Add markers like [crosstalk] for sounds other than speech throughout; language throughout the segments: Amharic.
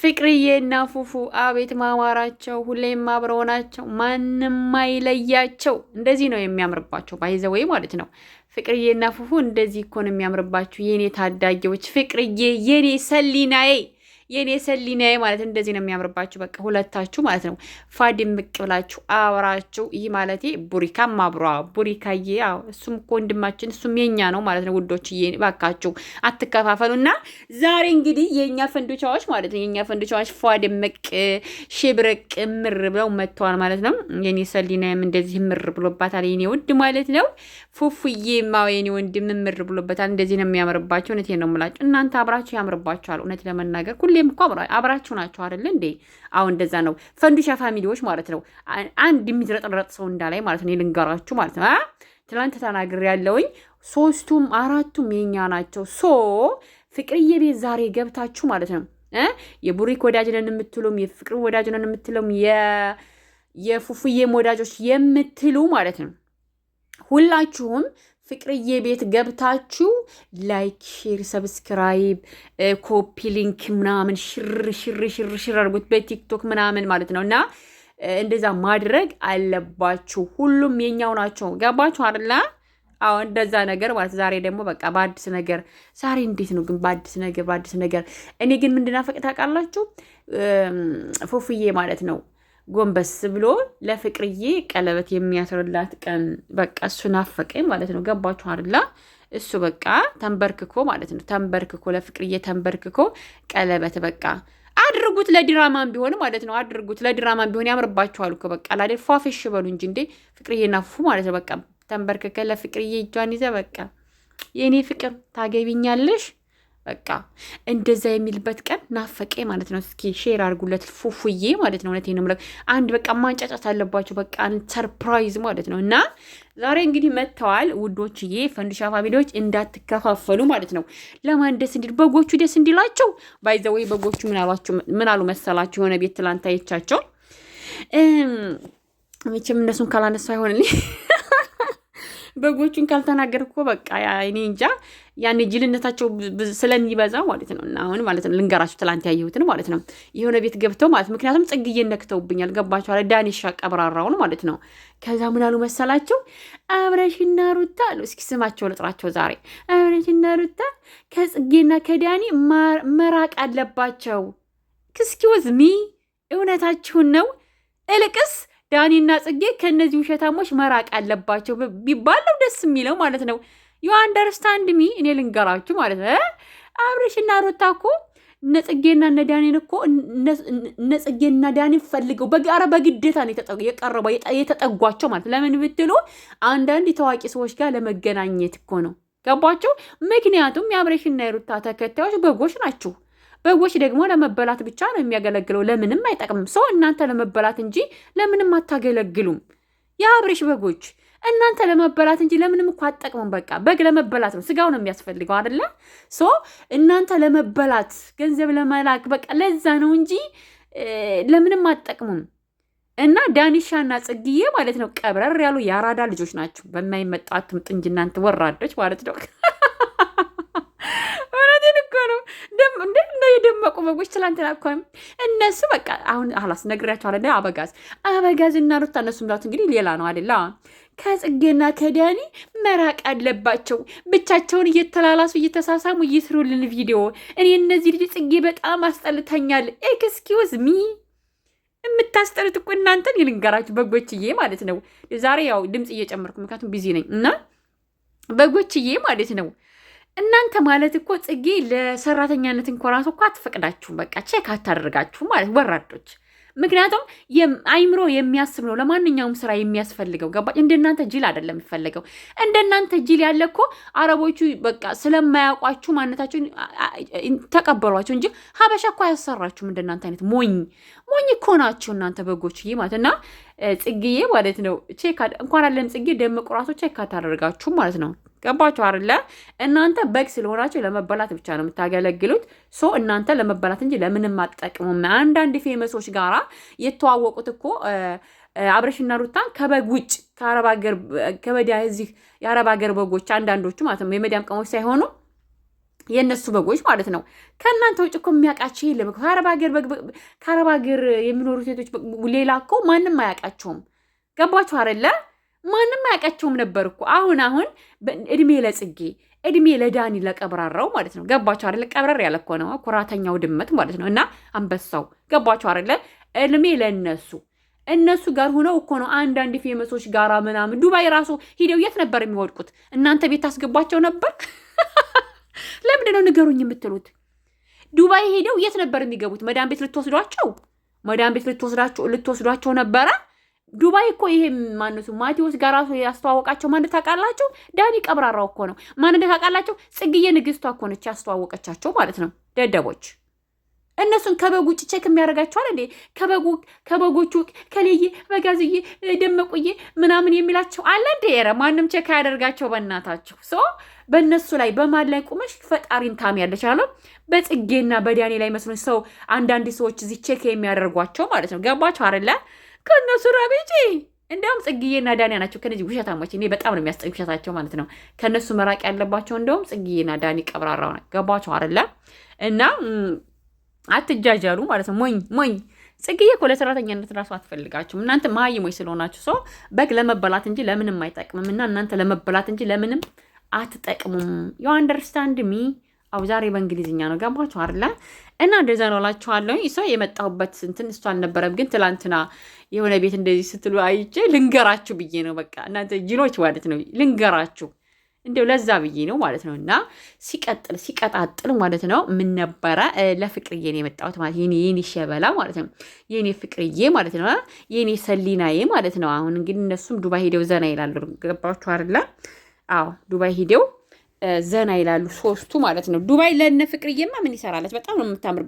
ፍቅርዬና ፉፉ አቤት ማማራቸው! ሁሌም አብረው ናቸው። ማንም አይለያቸው። እንደዚህ ነው የሚያምርባቸው። ባይዘወይ ማለት ነው ፍቅርዬና ፉፉ እንደዚህ እኮ ነው የሚያምርባቸው የኔ ታዳጊዎች። ፍቅርዬ የኔ ሰሊናዬ የኔ ሰሊናዬ ማለት እንደዚህ ነው የሚያምርባችሁ። በቃ ሁለታችሁ ማለት ነው ፋድም ብላችሁ አብራችሁ። ይህ ማለቴ ቡሪካም አብሯ ቡሪካዬ፣ እሱም እኮ ወንድማችን እሱም የኛ ነው ማለት ነው ውዶች። ባካችሁ አትከፋፈሉ። እና ዛሬ እንግዲህ የእኛ ፈንዱቻዎች ማለት ነው የእኛ ፈንዱቻዎች ፏድምቅ ሽብርቅ ምር ብለው መጥተዋል ማለት ነው። የኔ ሰሊናም እንደዚህ ምር ብሎባታል የኔ ውድ ማለት ነው። ፉፉዬ ማ የኔ ወንድም ምር ብሎበታል። እንደዚህ ነው የሚያምርባቸው። እውነቴን ነው የምላቸው እናንተ አብራችሁ ያምርባቸዋል እውነት ለመናገር ሁሌ ሁሌም እኮ አብራችሁ ናችሁ አይደለ እንዴ? አሁን እንደዛ ነው ፈንዱሻ ፋሚሊዎች ማለት ነው። አንድ የሚዝረጥረጥ ሰው እንዳላይ ማለት ነው። ልንገራችሁ ማለት ነው። ትላንት ተናግሬ ያለውኝ ሶስቱም አራቱም የኛ ናቸው። ሶ ፍቅርዬ ቤት ዛሬ ገብታችሁ ማለት ነው የቡሪክ ወዳጅ ነን የምትሉም የፍቅር ወዳጅ ነን የምትሉም የፉፉዬም ወዳጆች የምትሉ ማለት ነው ሁላችሁም ፍቅርዬ ቤት ገብታችሁ ላይክ፣ ሼር፣ ሰብስክራይብ፣ ኮፒ ሊንክ ምናምን ሽር ሽር ሽር ሽር አድርጉት በቲክቶክ ምናምን ማለት ነው እና እንደዛ ማድረግ አለባችሁ። ሁሉም የኛው ናቸው። ገባችሁ አይደለ? አዎ እንደዛ ነገር ማለት ዛሬ ደግሞ በቃ በአዲስ ነገር ዛሬ እንዴት ነው ግን በአዲስ ነገር በአዲስ ነገር እኔ ግን ምንድን ናፈቅ ታውቃላችሁ? ፎፍዬ ማለት ነው ጎንበስ ብሎ ለፍቅርዬ ቀለበት የሚያስርላት ቀን በቃ እሱ ናፈቀኝ ማለት ነው። ገባችሁ አይደል? እሱ በቃ ተንበርክኮ ማለት ነው። ተንበርክኮ ለፍቅርዬ ተንበርክኮ ቀለበት በቃ አድርጉት ለድራማም ቢሆን ማለት ነው። አድርጉት ለድራማም ቢሆን ያምርባችኋል እኮ በቃ ላደል ፏፌሽ በሉ እንጂ እንዴ ፍቅርዬ ናፉ ማለት ነው። በቃ ተንበርክከ ለፍቅርዬ እጇን ይዘ በቃ የእኔ ፍቅር ታገቢኛለሽ በቃ እንደዛ የሚልበት ቀን ናፈቀ ማለት ነው። እስኪ ሼር አድርጉለት ፉፉዬ ማለት ነው። እውነቴን ነው አንድ በቃ ማንጫጫት አለባቸው። በቃ ሰርፕራይዝ ማለት ነው። እና ዛሬ እንግዲህ መጥተዋል ውዶችዬ፣ ፈንዱሻ ፋሚሊዎች እንዳትከፋፈሉ ማለት ነው። ለማን ደስ እንዲል በጎቹ ደስ እንዲላቸው ባይዘወይ በጎቹ ምን አሉ መሰላቸው? የሆነ ቤት ትላንት አይቻቸው መቼም እነሱን ካላነሱ አይሆንልኝ በጎቹን ካልተናገርኩ በቃ እኔ እንጃ። ያን ጅልነታቸው ስለሚበዛ ማለት ነው። እና አሁን ማለት ነው ልንገራችሁ፣ ትላንት ያየሁትን ማለት ነው የሆነ ቤት ገብተው ማለት ምክንያቱም ጽግዬ ነክተውብኛል፣ ገባቸኋለ ዳኔሻ ቀብራራውን ማለት ነው። ከዛ ምን አሉ መሰላቸው? አብረሽና ሩታ አሉ። እስኪ ስማቸው ልጥራቸው ዛሬ። አብረሽና ሩታ ከጽጌና ከዳኒ መራቅ አለባቸው። ክስኪውዝ ሚ እውነታችሁን ነው እልቅስ ዳኒና ጽጌ ከእነዚህ ውሸታሞች መራቅ አለባቸው ቢባል ነው ደስ የሚለው ማለት ነው። ዩ አንደርስታንድ ሚ እኔ ልንገራችሁ ማለት ነው። አብርሽና ሩታ እኮ እነ ጽጌና እነ ዳኒን እኮ እነ ጽጌና ዳኒን ፈልገው በጋረ በግዴታ ነው የቀረበው የተጠጓቸው ማለት ለምን ብትሉ አንዳንድ የታዋቂ ሰዎች ጋር ለመገናኘት እኮ ነው። ገባችሁ? ምክንያቱም የአብርሽና የሩታ ተከታዮች በጎች ናችሁ። በጎች ደግሞ ለመበላት ብቻ ነው የሚያገለግለው፣ ለምንም አይጠቅምም። ሰው እናንተ ለመበላት እንጂ ለምንም አታገለግሉም። የአብሬሽ በጎች እናንተ ለመበላት እንጂ ለምንም እኮ አትጠቅሙም። በቃ በግ ለመበላት ነው፣ ስጋው ነው የሚያስፈልገው አይደለ? ሶ እናንተ ለመበላት ገንዘብ ለመላክ በቃ ለዛ ነው እንጂ ለምንም አጠቅሙም። እና ዳኒሻና ጽግዬ ማለት ነው ቀብረር ያሉ የአራዳ ልጆች ናቸው። በማይመጣ አትምጥ እንጂ እናንተ ወራዶች ማለት ነው። [laughs] እንደ የደመቁ በጎች ትላንትና እኮ እነሱ በቃ አሁን አላስ ነግሬያቸዋለሁ። እንደ አበጋዝ አበጋዝ እና ሩታ እነሱ ምላት እንግዲህ ሌላ ነው አይደል? ከጽጌና ከዳኒ መራቅ አለባቸው። ብቻቸውን እየተላላሱ እየተሳሳሙ እየስሩልን ቪዲዮ። እኔ እነዚህ ልጅ ጽጌ በጣም አስጠልተኛል። ኤክስኪውዝ ሚ የምታስጠሉት እኮ እናንተን የልንገራችሁ በጎችዬ ማለት ነው። ዛሬ ያው ድምፅ እየጨመርኩ ምክንያቱም ቢዚ ነኝ እና በጎችዬ ማለት ነው እናንተ ማለት እኮ ጽጌ ለሰራተኛነት እንኮራት ራሱ እኮ አትፈቅዳችሁም። በቃ ቼክ አታደርጋችሁ ማለት ወራዶች። ምክንያቱም አይምሮ የሚያስብ ነው ለማንኛውም ስራ የሚያስፈልገው። ገባች? እንደናንተ ጅል አይደለም የሚፈለገው። እንደናንተ ጅል ያለ እኮ አረቦቹ በቃ ስለማያውቋችሁ ማነታችሁን ተቀበሏቸው እንጂ ሀበሻ እኮ አያሰራችሁም። እንደናንተ አይነት ሞኝ ሞኝ እኮ እናንተ በጎችዬ ማለት እና ጽግዬ ማለት ነው። ቼክ እንኳን አለም ጽጌ ደምቁ ራሱ ቼክ አታደርጋችሁ ማለት ነው። ገባችሁ አይደለ? እናንተ በግ ስለሆናችሁ ለመበላት ብቻ ነው የምታገለግሉት። ሶ እናንተ ለመበላት እንጂ ለምንም አትጠቅሙም። አንዳንድ ፌመሶች ጋራ የተዋወቁት እኮ አብረሽና ሩታን ከበግ ውጭ ከአረብ ሀገር ከወዲያ እዚህ የአረብ ሀገር በጎች አንዳንዶቹ ማለት ነው የመዲያም ቀሞች ሳይሆኑ የእነሱ በጎች ማለት ነው። ከእናንተ ውጭ እኮ የሚያውቃቸው የለም። ከአረብ ሀገር የሚኖሩ ሴቶች ሌላ እኮ ማንም አያውቃቸውም። ገባችሁ አይደለ? ማንም አያውቃቸውም ነበር እኮ። አሁን አሁን እድሜ ለጽጌ እድሜ ለዳኒ ለቀብራራው ማለት ነው። ገባችሁ አይደለ? ቀብረር ያለ እኮ ነው ኩራተኛው ድመት ማለት ነው። እና አንበሳው ገባችሁ አይደለ? እድሜ ለእነሱ እነሱ ጋር ሆነው እኮ ነው አንዳንድ ፌመሶች ጋራ ምናምን ዱባይ ራሱ ሂደው የት ነበር የሚወድቁት? እናንተ ቤት ታስገቧቸው ነበር [laughs] ለምንድን ነው ንገሩኝ የምትሉት? ዱባይ ሄደው የት ነበር የሚገቡት? መዳን ቤት ልትወስዷቸው መዳን ቤት ልትወስዷቸው ነበረ። ዱባይ እኮ ይሄ ማነሱ ማቴዎስ ጋር ራሱ ያስተዋወቃቸው ማን ታውቃላችሁ? ዳኒ ቀብራራው እኮ ነው። ማን ታውቃላችሁ? ጽግዬ ንግስቷ እኮ ነች ያስተዋወቀቻቸው ማለት ነው ደደቦች። እነሱን ከበጉ ውጭ ቼክ የሚያደርጋቸዋል እንዴ? ከበጉ ከበጎቹ ከሌዬ በጋዝዬ ደመቁዬ ምናምን የሚላቸው አለ እንዴ? ኧረ ማንም ቼክ አያደርጋቸው በእናታቸው። ሶ በእነሱ ላይ በማን ላይ ቁመሽ ፈጣሪን ታም ያለች አለ በጽጌና በዳኔ ላይ መስሎኝ ሰው አንዳንድ ሰዎች እዚህ ቼክ የሚያደርጓቸው ማለት ነው። ገባቸው አለ ከእነሱ ረቤጂ እንዲያውም ጽግዬና ዳንያ ናቸው ከነዚህ ውሸታሞች። እኔ በጣም ነው የሚያስጠኝ ውሸታቸው ማለት ነው። ከእነሱ መራቅ ያለባቸው እንደውም ጽግዬና ዳኒ ቀብራራው ገባቸው አለ እና አትጃጃሉ ማለት ነው። ሞኝ ሞኝ ጽግዬ እኮ ለሰራተኛነት ራሱ አትፈልጋችሁም እናንተ መሀይሞች ስለሆናችሁ ሰው በግ ለመበላት እንጂ ለምንም አይጠቅምም። እና እናንተ ለመበላት እንጂ ለምንም አትጠቅሙም። ዩ አንደርስታንድ ሚ አው ዛሬ በእንግሊዝኛ ነው ገባችሁ አይደለ? እና እንደዛ ነው እላችኋለሁ። ሰው የመጣሁበት እንትን እሱ አልነበረም፣ ግን ትላንትና የሆነ ቤት እንደዚህ ስትሉ አይቼ ልንገራችሁ ብዬ ነው። በቃ እናንተ ጅሎች ማለት ነው ልንገራችሁ እንዲው ለዛ ብዬ ነው ማለት ነው። እና ሲቀጥል ሲቀጣጥል ማለት ነው ምን ነበረ ለፍቅርዬ ነው የመጣሁት ማለት የኔ ሸበላ ማለት ነው የኔ ፍቅርዬ ማለት ነው የኔ ሰሊናዬ ማለት ነው። አሁን እንግዲህ እነሱም ዱባይ ሄደው ዘና ይላሉ። ገባችሁ አይደለ? አዎ ዱባይ ሄደው ዘና ይላሉ ሶስቱ ማለት ነው። ዱባይ ለእነ ፍቅርዬማ ምን ይሰራለች? በጣም ነው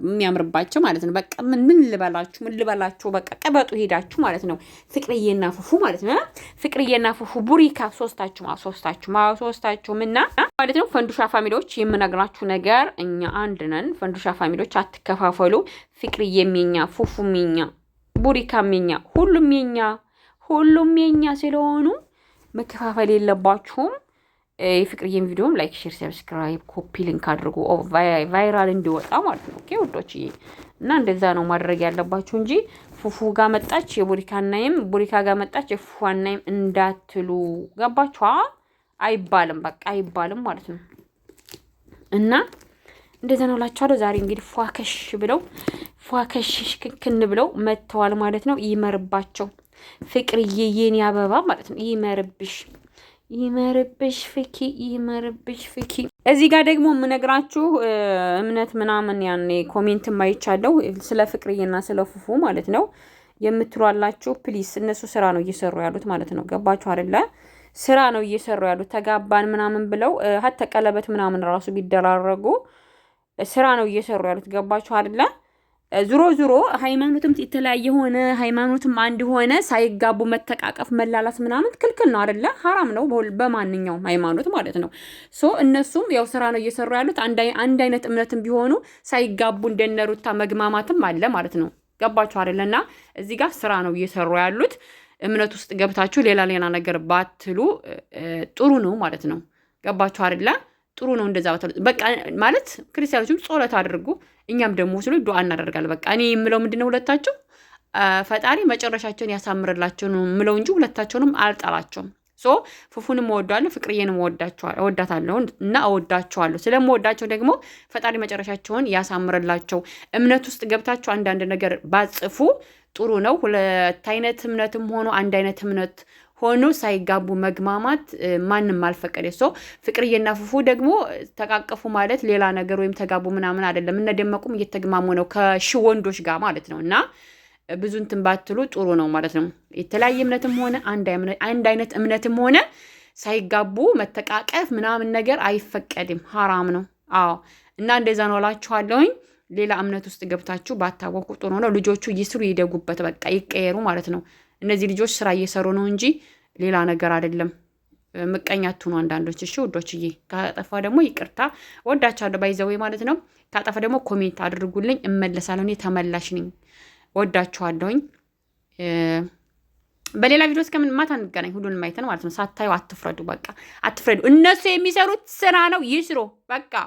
የሚያምርባቸው ማለት ነው። በቃ ምን ምን ልበላችሁ ምን ልበላችሁ በቃ ቀበጡ ሄዳችሁ ማለት ነው። ፍቅርዬና ፉፉ ማለት ነው። ፍቅርዬና ፉፉ ቡሪካ፣ ሶስታችሁ ማ ሶስታችሁ ማ ሶስታችሁ እና ማለት ነው። ፈንዱሻ ፋሚሊዎች የምነግራችሁ ነገር እኛ አንድ ነን። ፈንዱሻ ፋሚሊዎች አትከፋፈሉ። ፍቅርዬም የኛ፣ ፉፉም የኛ፣ ቡሪካም የኛ፣ ሁሉም የኛ ሁሉም የኛ ስለሆኑ መከፋፈል የለባችሁም። የፍቅርዬም ቪዲዮም ላይክ፣ ሼር፣ ሰብስክራይብ ኮፒ ሊንክ አድርጉ ቫይራል እንዲወጣ ማለት ነው። ኦኬ ውዶች እና እንደዛ ነው ማድረግ ያለባችሁ እንጂ ፉፉ ጋር መጣች የቡሪካናይም ቡሪካ ጋር መጣች የፉፉናይም እንዳትሉ። ገባችኋ? አይባልም በቃ አይባልም ማለት ነው። እና እንደዛ ነው ላችኋለሁ። ዛሬ እንግዲህ ፏከሽ ብለው ፏከሽ ክክን ብለው መጥተዋል ማለት ነው። ይመርባቸው ፍቅርዬ፣ የኔ አበባ ማለት ነው። ይመርብሽ ይመርብሽ ፍኪ ይመርብሽ ፍኪ። እዚህ ጋር ደግሞ የምነግራችሁ እምነት ምናምን ያኔ ኮሜንት ማይቻለው ስለ ፍቅርዬና ስለ ፉፉ ማለት ነው የምትሏላችሁ ፕሊስ፣ እነሱ ስራ ነው እየሰሩ ያሉት ማለት ነው። ገባችሁ አይደለ? ስራ ነው እየሰሩ ያሉት ተጋባን ምናምን ብለው ሀተ ቀለበት ምናምን ራሱ ቢደራረጉ ስራ ነው እየሰሩ ያሉት። ገባችሁ አይደለ? ዙሮ ዙሮ ሃይማኖትም የተለያየ ሆነ ሃይማኖትም አንድ ሆነ ሳይጋቡ መተቃቀፍ መላላት ምናምን ክልክል ነው አደለ? ሀራም ነው በማንኛውም ሃይማኖት ማለት ነው። ሶ እነሱም ያው ስራ ነው እየሰሩ ያሉት አንድ አይነት እምነትም ቢሆኑ ሳይጋቡ እንደነሩታ መግማማትም አለ ማለት ነው። ገባችሁ አደለ? እና እዚህ ጋር ስራ ነው እየሰሩ ያሉት። እምነት ውስጥ ገብታችሁ ሌላ ሌላ ነገር ባትሉ ጥሩ ነው ማለት ነው። ገባችሁ አይደለ? ጥሩ ነው። እንደዛ በቃ ማለት ክርስቲያኖችም ጸሎት አድርጉ፣ እኛም ደግሞ ስሎ ዱዓ እናደርጋል። በቃ እኔ የምለው ምንድነው ሁለታቸው ፈጣሪ መጨረሻቸውን ያሳምርላቸው ነው የምለው እንጂ ሁለታቸውንም አልጠላቸውም። ሶ ፉፉንም እወዳለሁ፣ ፍቅርዬንም እወዳታለሁ እና እወዳቸዋለሁ። ስለምወዳቸው ደግሞ ፈጣሪ መጨረሻቸውን ያሳምርላቸው። እምነት ውስጥ ገብታቸው አንዳንድ ነገር ባጽፉ ጥሩ ነው። ሁለት አይነት እምነትም ሆኖ አንድ አይነት እምነት ሆኖ ሳይጋቡ መግማማት ማንም አልፈቀደ። ሶ ፍቅርዬና ፉፉ ደግሞ ተቃቀፉ ማለት ሌላ ነገር ወይም ተጋቡ ምናምን አይደለም። እነደመቁም እየተግማሙ ነው ከሺ ወንዶች ጋር ማለት ነው እና ብዙ እንትን ባትሉ ጥሩ ነው ማለት ነው። የተለያየ እምነትም ሆነ አንድ አይነት እምነትም ሆነ ሳይጋቡ መተቃቀፍ ምናምን ነገር አይፈቀድም፣ ሀራም ነው። አዎ እና እንደዛ ነው እላችኋለሁኝ። ሌላ እምነት ውስጥ ገብታችሁ ባታወቁ ጥሩ ነው። ልጆቹ ይስሩ፣ ይደጉበት፣ በቃ ይቀየሩ ማለት ነው። እነዚህ ልጆች ስራ እየሰሩ ነው እንጂ ሌላ ነገር አይደለም። ምቀኛ አትሁኑ አንዳንዶች። እሺ ውዶችዬ፣ ካጠፋ ደግሞ ይቅርታ ወዳችኋለሁ፣ ባይዘወይ ማለት ነው። ካጠፋ ደግሞ ኮሜንት አድርጉልኝ፣ እመለሳለሁ። እኔ ተመላሽ ነኝ። ወዳችኋለሁኝ። በሌላ ቪዲዮ እስከምን ማታ እንገናኝ። ሁሉንም አይተን ማለት ነው። ሳታዩ አትፍረዱ፣ በቃ አትፍረዱ። እነሱ የሚሰሩት ስራ ነው፣ ይስሩ በቃ።